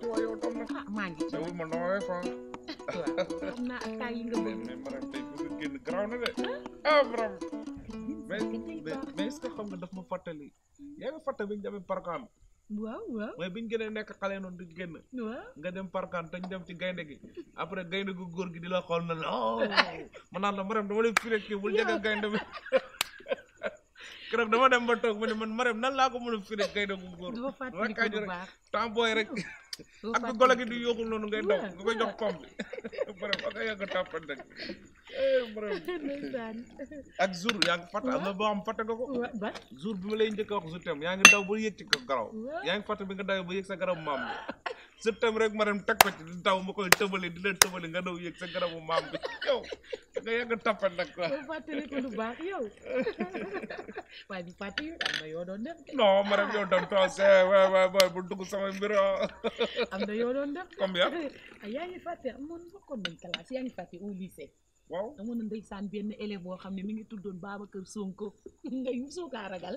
cho ai ô trong nó mạnh đâu mà kain gemuk memang reptil itu kini crown ada abram mes ka xam nga daf ma fàttali yaa nga fàttali bi ñu demee waaw waaw mooy biñ gën a nekk xale noonu di nga dem parkaan te dem ci gaynde gi après gaynde gu góor gi di la xool na la oh ma la maram dama lay firé kii bul gaynde bi dama dem ba man maram nan ko gaynde gu ko bu baax rek ak golo gi di yóoxul noonu ngay dox nga koy jox koom bi borom ak ay yàgg tàppan nag Eh, ak jour yaa ngi fàtte am na boo xam ko jour bi lay njëkk wax jotem yaa ngi daw ba yëg ko garaw yaa ngi fàtte bi nga daw ba yëg sa garab maam bi rek ma dem ko ci daw ma di nga daw sa bi yow nga quoi ko lu baax yow waaye bu fàtte am na yoo doon def non ma dem yow dem toose waay waay waay bu dugg sama mbir am na yoo doon def comme yaa yaa ngi fàtte amoon bokkoon nañ classe lycée waaw amoon na ndeysaan benn élève boo xam ne mi ngi tuddoon baaba Babacar Sonko nga ngay soo kaa ragal.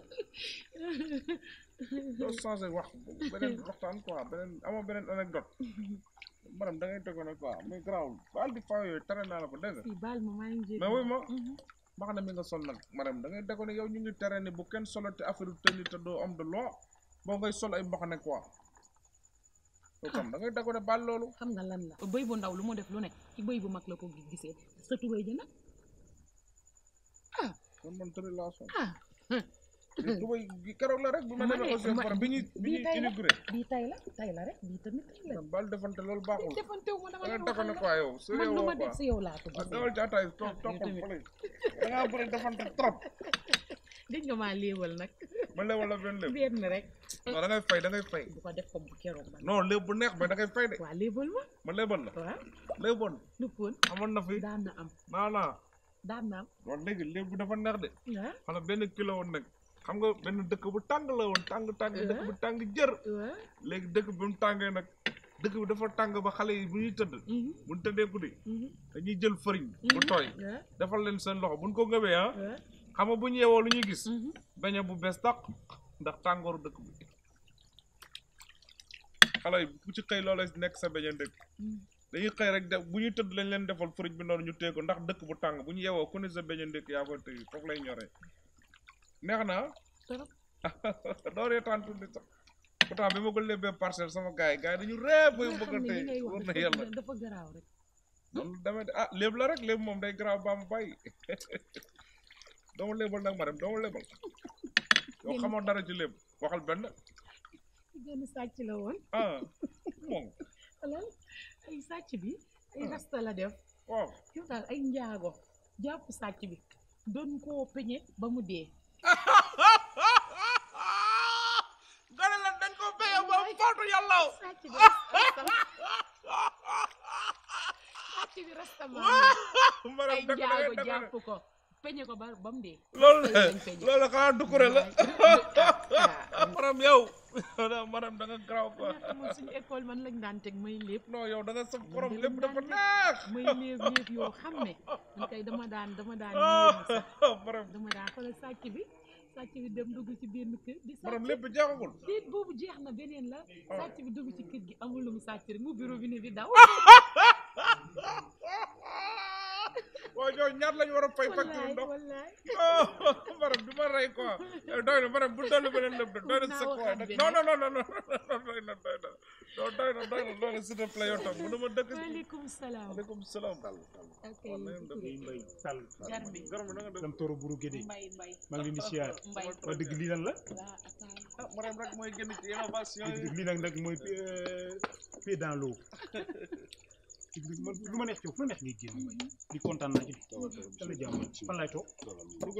doo changé wax beneen waxtaan quoi beneen amoo beneen anecdote maanaam da ngay déggoon quoi muy garaawul baal di faaw yooyu naa la ko dégg nga. si baal ma maa ngi jéem mais mhm. wuy na mi nga sol nag maanaam da ngay déggoon yow ñu ngi tere ne bu kenn solo te affaire bi te doo am de loo boo ngay sol ay mbaxane quoi. Ah. xam da nga da ko ne baal loolu. xam nga lan la bëy bu ndaw lu mu def lu ne ci bëy bu mag la ko gisee sa tubéy ji nag ah. kon man tamit ah. la rek. bi bi ñuy la rek bii tamit tay baal defante loolu baaxul. defante ma dama la wax ne quoi yow. su yow man lu ma def si yow laa ko. Ah, dawal jaataay toog toog fële da ngaa bëri defante trop. dégg nga maa léewal nag. ma léewal la benn léew. benn rek. non da ngay fay da ngay fay. bu ko def comme bu keroog man. non léew bu neex mais da ngay fay de. waaw léewal ma. ma léewal la. waaw léewal. lëppoon amoon na fi daan na am. naana. daan na am. waaw léegi léew bu dafa neex de. waaw xanaa benn kilo woon nag. xam nga benn dëkk bu tàng la woon tàng tàng dëkk bu tàng jër léegi dëkk bi mu tàngee nag dëkk bi dafa tàng ba xale yi bu ñuy tëdd mhm. bu ñu tëddee guddi mhm. dañuy jël fëriñ bu mhm. tooy defal leen seen loxo bu ñu ko ngëbee ah xam nga bu ñu yeewoo lu ñuy gis. Mhm. beñe bu bees tàq ndax tàngooru dëkk bi yi bu ci xëy loola nekk sa beñe dëkk. Mhm. dañuy xëy rek de bu ñuy tëdd lañ leen defal fridge bi noonu ñu téye ko ndax dëkk bu tàng bu ñu yewoo ku ne sa beñe dëkk yaa koy téye foofu lay ñoree. neex na ah? doo reetaan tuuti sax pourtant bi ma ko lébbee parcelle sama gars yi gars yi dañu ree bay bëgg a téye wër na yàlla dafa garaaw rek. noonu demee ah léeb la rek léeb moom day garaaw ba mu bàyyi doo ma léebal nag ma dem doo léebal yow xamoon dara ci léeb waxal benn. génn sàcc la woon. ah ay sàcc bi. ay ah. rasta la def. waaw yow daal ay njaago jàpp sàcc bi rasta sàcc ay njaago jàpp ko. peñe ko ba ba mu dee. loolu la loolu la xanaa dukkure la. Ah, ah. maram yow. maram da nga garaaw quoi. moom suñu man lañ daan teg may lépp. non yow da sa borom lépp dafa neex. may léeb léeb yoo xam ne. man kay dama daan dama daan. Ah, maram dama daan xoolal sàcc bi. sàcc bi dem dugg ci benn kër di sàcc jeex na beneen la sàcc bi dugg ci kër gi amul lu mu sàcc rek mu bureau bi ne di daw waaw oh, ñooñu ñaar lañu war fay facture ndox oh, maram du ma quoi doy na maram bu dolli beneen lëb doy na sëkk waay nag non non non non doy na doy na non doy na doy na doy na s'il te plaît tam mënu ma dëkk waaleykum salaam waaleykum salaam dal mbay sall garmi buru gede mbay mbay ma ni siar ma dëgg li lan la ah, maram rek mooy génn ci innovation li nak nak mooy pied dans l'eau ci lu ma neex ci yow fu ma neex ngay génn mooy mhm. kontaan naa ci li dala jàmm fan laay toog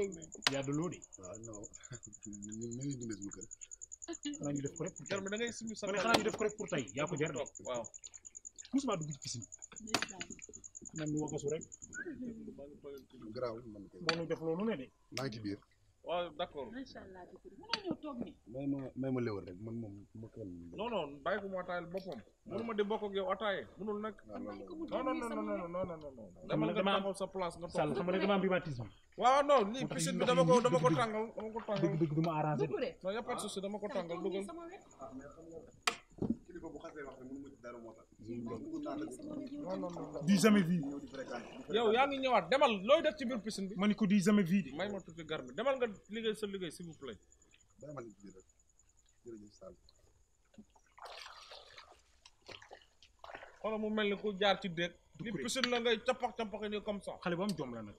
yaa de loo de waaw non ñu ñu dundee xanaa ñu def ko rek pour da ngay sa xanaa ñu def ko rek pour tey yaa ko jar waaw musuma dugg ci piscine nan ñu wakasu rek garaaw man def loolu ne de maa ngi ci biir waaw d' accord macha allah mënoo ñëw toog nii. may ma may ma léwal rek man moom ma kenn. non non bàyyi ko mu ataayal boppam. mënuma di bokk ak yow ataaye mënul nag. non non non non non non non. dama nga taxaw sa place nga toog Sall xam nga dama am privatisme. waaw non lii piscine bi dama ko dama ko tàngal dama ko tàngal. dëgg dëgg du ma arrangé de. non y' a pas de souci dama ko tàngal dugal. bu xasee wax rek mënu dara yow yaa ngi ñëwaat demal looy def ci biir piscine bi man ni ko du jamais vu may ma tuuti garmi demal nga liggéey sa liggéey s'il vous plaît xoolal mu mel ni ku jaar ci déeg li piscine la ngay capax capax comme ça xale bu am jom la nag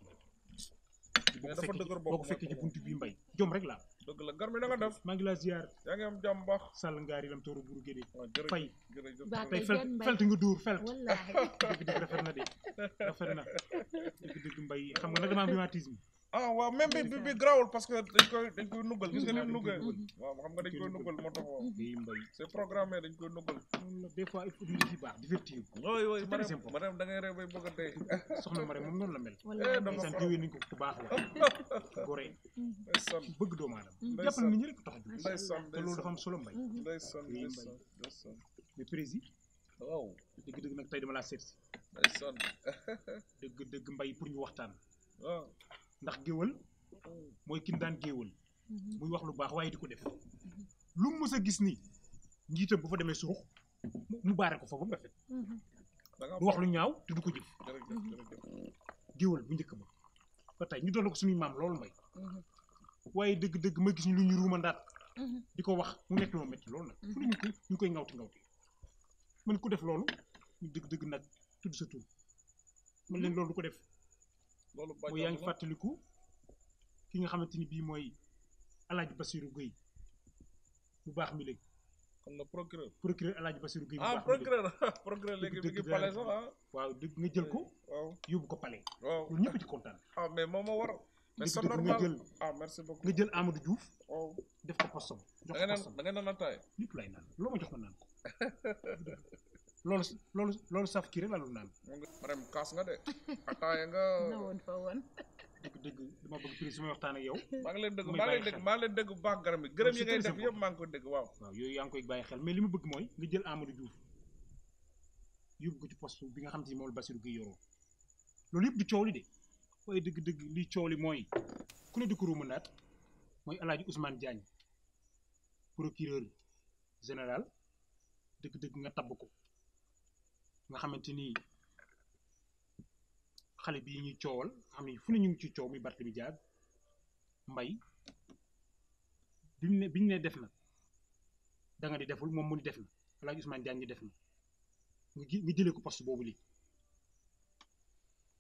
mais dafa dëgër bopp boo ko fekkee ci buntu bi mbay jom rek la dëgg la gar mi na nga maa ngi laa ziar yaa ngi am jàmm baax sàll ngaar yi lam tooru buru gédé ah, fay tey felt nga dóor felt dëgg dëgg rafet na de rafet na dëgg dëgg mbay xam nga nag dama am rhumatisme Ah, waaw même bi bi bi grawul parce que dañ koy dañ koy nuggal gis nga xam nga dañ koy nuggal moo tax waaw c'est programmé dañ koy nuggal des fois il faut ñu ci baax divertir moom noonu la mel eh, ndeysaan diwee nañ ko ku baax la gore ndeysaan bëgg doomu aadama mm-hmm. mm-hmm. dama laa seet si dëgg dëgg mbay pour ñu waxtaan ndax géwal mooy kin daan géwal mhm. muy wax lu baax waaye di ko def lu mu mës a gis ni njiitam bu fa demee suux mu baare ko fa ba mu rafet mhm. du wax lu ñaaw te du ko jëf mhm. géwal bu njëkk ma ba tey ñu doon ko suñuy maam loolu may waaye dëgg-dëgg ma gis ñu lu ñu ruumandaat di ko wax mu nekk lu ma métti loolu nag fu ñu koy ñu koy ngawti ngawti man ku def loolu ñu dëgg-dëgg nag tudd sa tur man leen loolu du ko def loolu mooy yaa ngi fàttaliku ki nga xamante ni bii mooy alaaj Basirou Guèye bu baax mi léegi. kon na procureur procureur alaaj Basirou Guèye bu ah, baax mi léegi ah procureur nga jël ko. waaw yóbbu ko palais. waaw ñun ñëpp ci kontaan. Ah, mais moom moo war. mais c'est normal nga jël ah merci beaucoup nga jël Amadou Diouf. def ko postam. jox ko postam da nga lay naan loo ma jox ma naan ko. loolu loolu loolu saf kii rek laa doon naan. maram kaas nga de. ataaya nga. nawoon fa woon. dëgg dëgg dama bëgg prix su waxtaan ak yow. maa ngi leen dëgg maa leen dëgg maa leen dëgg bu garam bi gërëm yi ngay def yëpp maa ngi ko dëgg waaw. waaw koy xel mais li bëgg mooy nga jël Amadou Diouf yóbbu ko ci poste bi nga xam te la du de li ku ne ko Ousmane Diagne procureur général nga ko nga xamante ni xale bi ñuy coowal am xam fu ne ñu ngi ci coow muy Barthélémy Dias mbay biñ ne biñ ne def na danga di deful moom mu ni def na El Hadj Ousmane Diagne def na nga nga jëlee ko poste boobu lii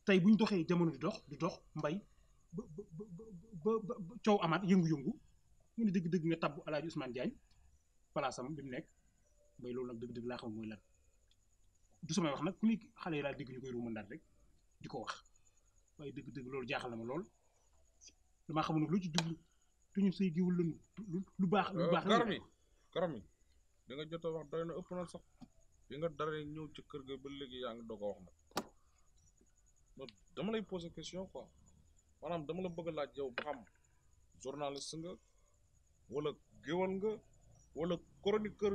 tey bu ñu doxee jamono di dox di dox mbay ba ba ba coow amaat yëngu-yëngu nga ne dëgg-dëgg nga tabbu El Hadj Ousmane Diagne palaasam bi mu nekk mbay loolu nag dëgg-dëgg laa xam mooy lan. du samay wax nag ku nekk xale yi laa dégg ñu koy ruumandaat rek di ko wax waaye dëgg-dëgg loolu jaaxal na ma lool dama xamul nag lu ci jublu te ñun say jiwul lañu lu baax. lu euh, baax la ñu karam yi da a wax ñëw ci kër ga ba léegi yaa ngi doog dama lay poser question quoi maanaam dama la bëgg a laaj yow ba xam journaliste nga wala géwal nga wala chroniqueur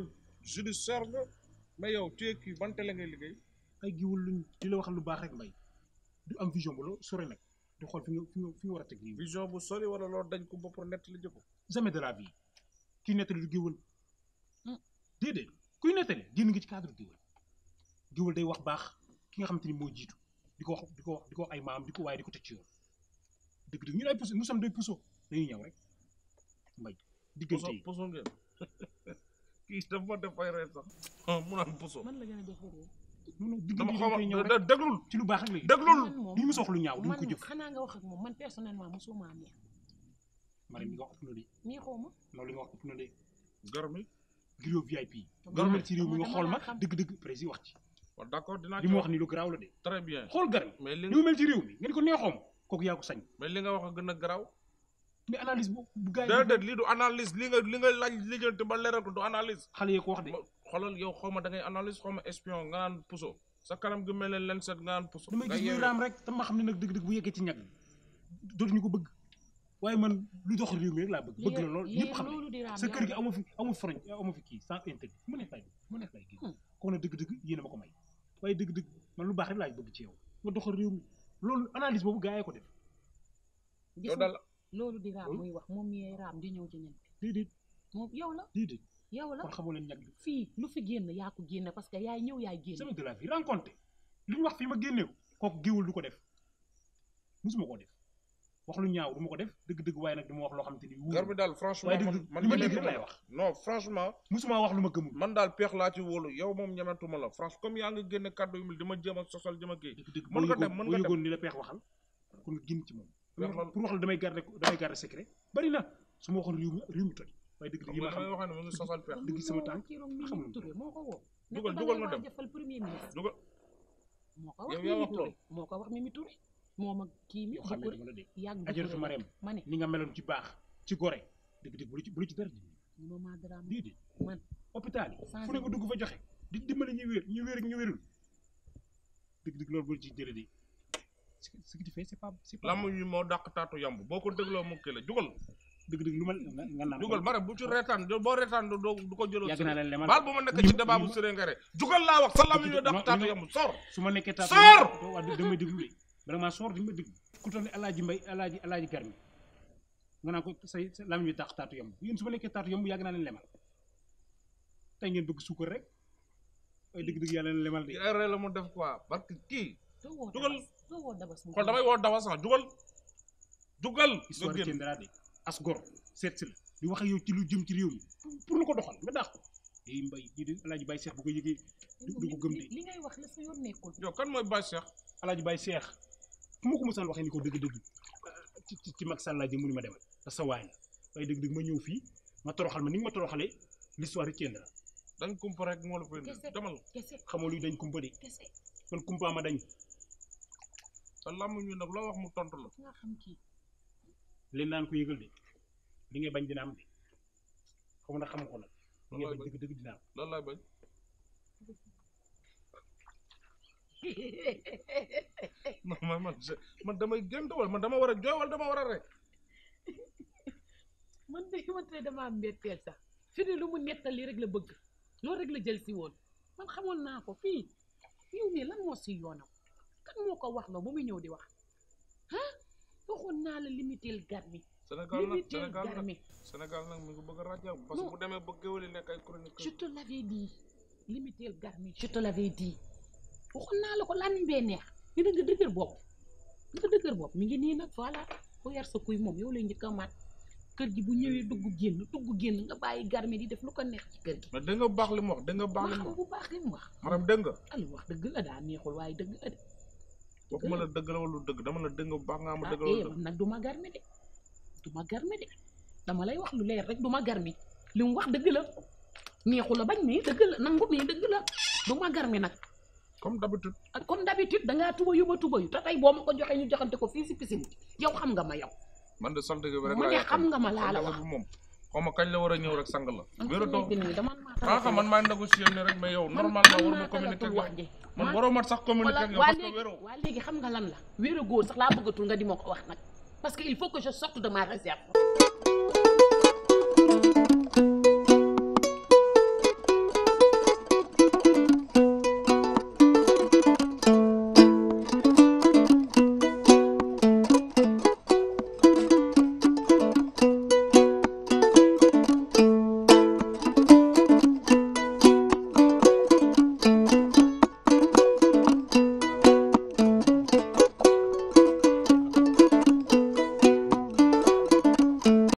judiciaire nga. mais yow tu es kii ban télé ngay liggéey. ay giwul luñ di la wax lu baax rek mbay du am vision bu la sori nag di xool fi nga fi nga war a teg nii. vision bu sori wala dañ ko bopp nettali jëko jamais de la vie kii nettali du giwul hmm. déedéet kuy nettali nga ci cadre giwul giwul day wax baax ki nga xamante ni moo jiitu di ko wax di ko wax di ko ay maam di ko waaye di ko teg ci yoon dëgg-dëgg ñu ay pousse nous sommes des puceaux ñëw rek mbay diggante yi ma dafa dafay rey sax ah, mu naan la gën a def dama xaw a déglul ci lu baax ak léegi déglul duñu mos a wax lu ñaaw duñu ko jëf. xanaa li nga wax ëpp na de. nii xaw ma loolu li nga wax ëpp na de. garmi griot VIP. garmi ci mu wax ni lu garaaw la de. très bien xool garmi. mais li mu mel ko neexoom kooku yaa ko sañ. mais li nga wax gën a garaaw mais analyse bu bu gaay dédé li du analyse li nga li nga laaj lijeunte ba leral ko du analyse xalé ko wax de xolal yow xoma da ngay analyse xoma espion nga nan puso sa kanam gu melé len set nga nan puso dama gis muy ram rek tam ma xamné nak deug deug bu yéké ci ñak dootu ñu ko bëgg waye man lu dox réew mi rek la bëgg bëgg la lool ñepp xam sa kër gi amu fi amu foroñ amu fi ki sans intérêt mu hmm. ne fay mu ne fay ki ko na deug deug yéena mako may waye deug deug man lu bax rek la bëgg ci yow nga dox réew mi lool analyse bobu gaay ko def yow loolu di raam muy wax moom yee raam di ñëw ci ñag bi di moom yow la déedéet yow la kon xamoo leen ñag fii lu fi génn yaa ko génn parce que yaay ñëw yaay génn semaine de la vie rencontré lu ñu wax fii ma génneew kooku géwul du ko def musuma koo def wax lu ma ko def dëgg-dëgg waaye nag du loo xam ni garmi daal franchement man wax non franchement musuma wax lu ma gëmul man daal peex laa ci yow moom ñementuma la france comme yaa nga génne kàddu yu mel dama jëm a sosal jëm a géey mën nga dem mën nga dem ni la peex waxal kon génn ci moom pour wax la damay garder damay garder secret bari na su ma waxoon réew mi réew mi toj waaye dëgg dëgg yi ma xam dëgg sama tànk xamul dugal dugal nga dem dugal yow yaa wax loolu moo ko wax Mimi Touré moo ma kii mi yàgg ajaratu Marème ma ne ni nga meloon ci baax ci gore dëgg bu lu ci bu lu ci dara di di man hôpital yi fu ne nga dugg fa joxe di dimbali ñu wér ñu wér ak ñu wérul dëgg dëgg loolu bu ci jëlee di ce que tu fais c'est pas c'est pas. lamu yi moo dàq taatu yamb boo ko dégloo mu kii la jugal. dëgg dëgg lu ma nga naan jugal mara bu ci reetaan boo reetaan du du ko jëloo. yàgg naa leen lemal baal bu ma nekk ci débat bu Sérengare jugal laa wax sa lamu yi dàq taatu yamb sor. su ma nekkee taatu yamb sor waaw dama déglu de vraiment sor dama déglu. ku toll ni alaaji mbay alaaji alaaji permi nga naan ko say lamu yi dàq taatu yamb yéen su ma nekkee taatu yamb yàgg naa leen lemal tey ngeen bëgg suukar rek ay dëgg dëgg yàlla leen lemal de. erreur la mu def quoi parce que kii jugal kon damay woo Daba sax jugal jugal. histoire kenn dara de as gor seet si la di wax ak yow ci lu jëm ci réew mi pour lu ko doxal ma daax ko. day mbay di di El Hadj Baye Cheikh bu ko yëgee du ko gëm de. li ngay wax la sa yoon nekkul. kan mooy Baye Cheikh. El Hadj Baye ma ko mosaan waxee ni ko dëgg-dëgg ci ci ci Macky Sall laa mu ni ma demal te sa waay la waaye dëgg ma ñëw fii ma toroxal ma ni nga ma toroxalee l'histoire retiendra dañ kumpa rek moo la fay demal xamoo luy dañ kumpa de man kumpa ma dañ te làmmiñu nag loo wax mu tontu la. nga xam kii. li naan ko yëgal de li ngay bañ dina am de xaw xam ko nag. li ngay bañ dëgg dëgg dina man damay gën wala dama war a dama war a rek. de man de rek la bëgg loolu rek jël si woon xamoon naa ko fii yow nii lan moo si yoonam. kan moo ko wax loo ba muy ñëw di wax ah waxoon naa la limiteel garmi Sénégal nag Sénégal nag mi ngi bëgg a ràjjal parce que bu demee ba géwél yi nekk ay chronique je te l'avais dit limiteel garmi je te l'avais dit waxoon naa la ko làmmiñ bee neex ñu ne nga dëgër bopp nga dëgër bopp mi ngi nii nag voilà ku yar sa kuy moom yow lay njëkk a mat kër gi bu ñëwee dugg génn dugg génn nga bàyyi garmi di def lu ko neex ci kër gi. mais dégg nga baax li mu wax dégg nga baax li mu wax bu baax li mu wax. maanaam dégg nga. Aliou wax dëgg la daa neexul waaye dëgg la de. waxuma la dëgg la wala dëgg dama la dëgg baax nga ma ah, eh, dëgg la nag du ma garmi de du ma garmi de dama lay wax lu leer rek du ma garmi li mu wax dëgg la neexu la bañ nii dëgg la nangu nii dëgg la du ma garmi nag comme d'habitude ak ah, comme d'habitude dangaa tuba yu ma tuba yu te tey boo ma ko joxee ñu joxante ko fii si piscine yow xam nga ma yow man de sant gi rek laa xam nga ma laa la wax moom kañ la war a rek sang la ah, wératoo xaa man maa négocier rek mais yow normalement war ma communiquer wax man waroo mat sax communiquer parce que wéroo waa léegi xam nga lan la wéeru góor sax laa bëggatul nga di ma ko wax nag parce que il faut que je sorte de ma réserve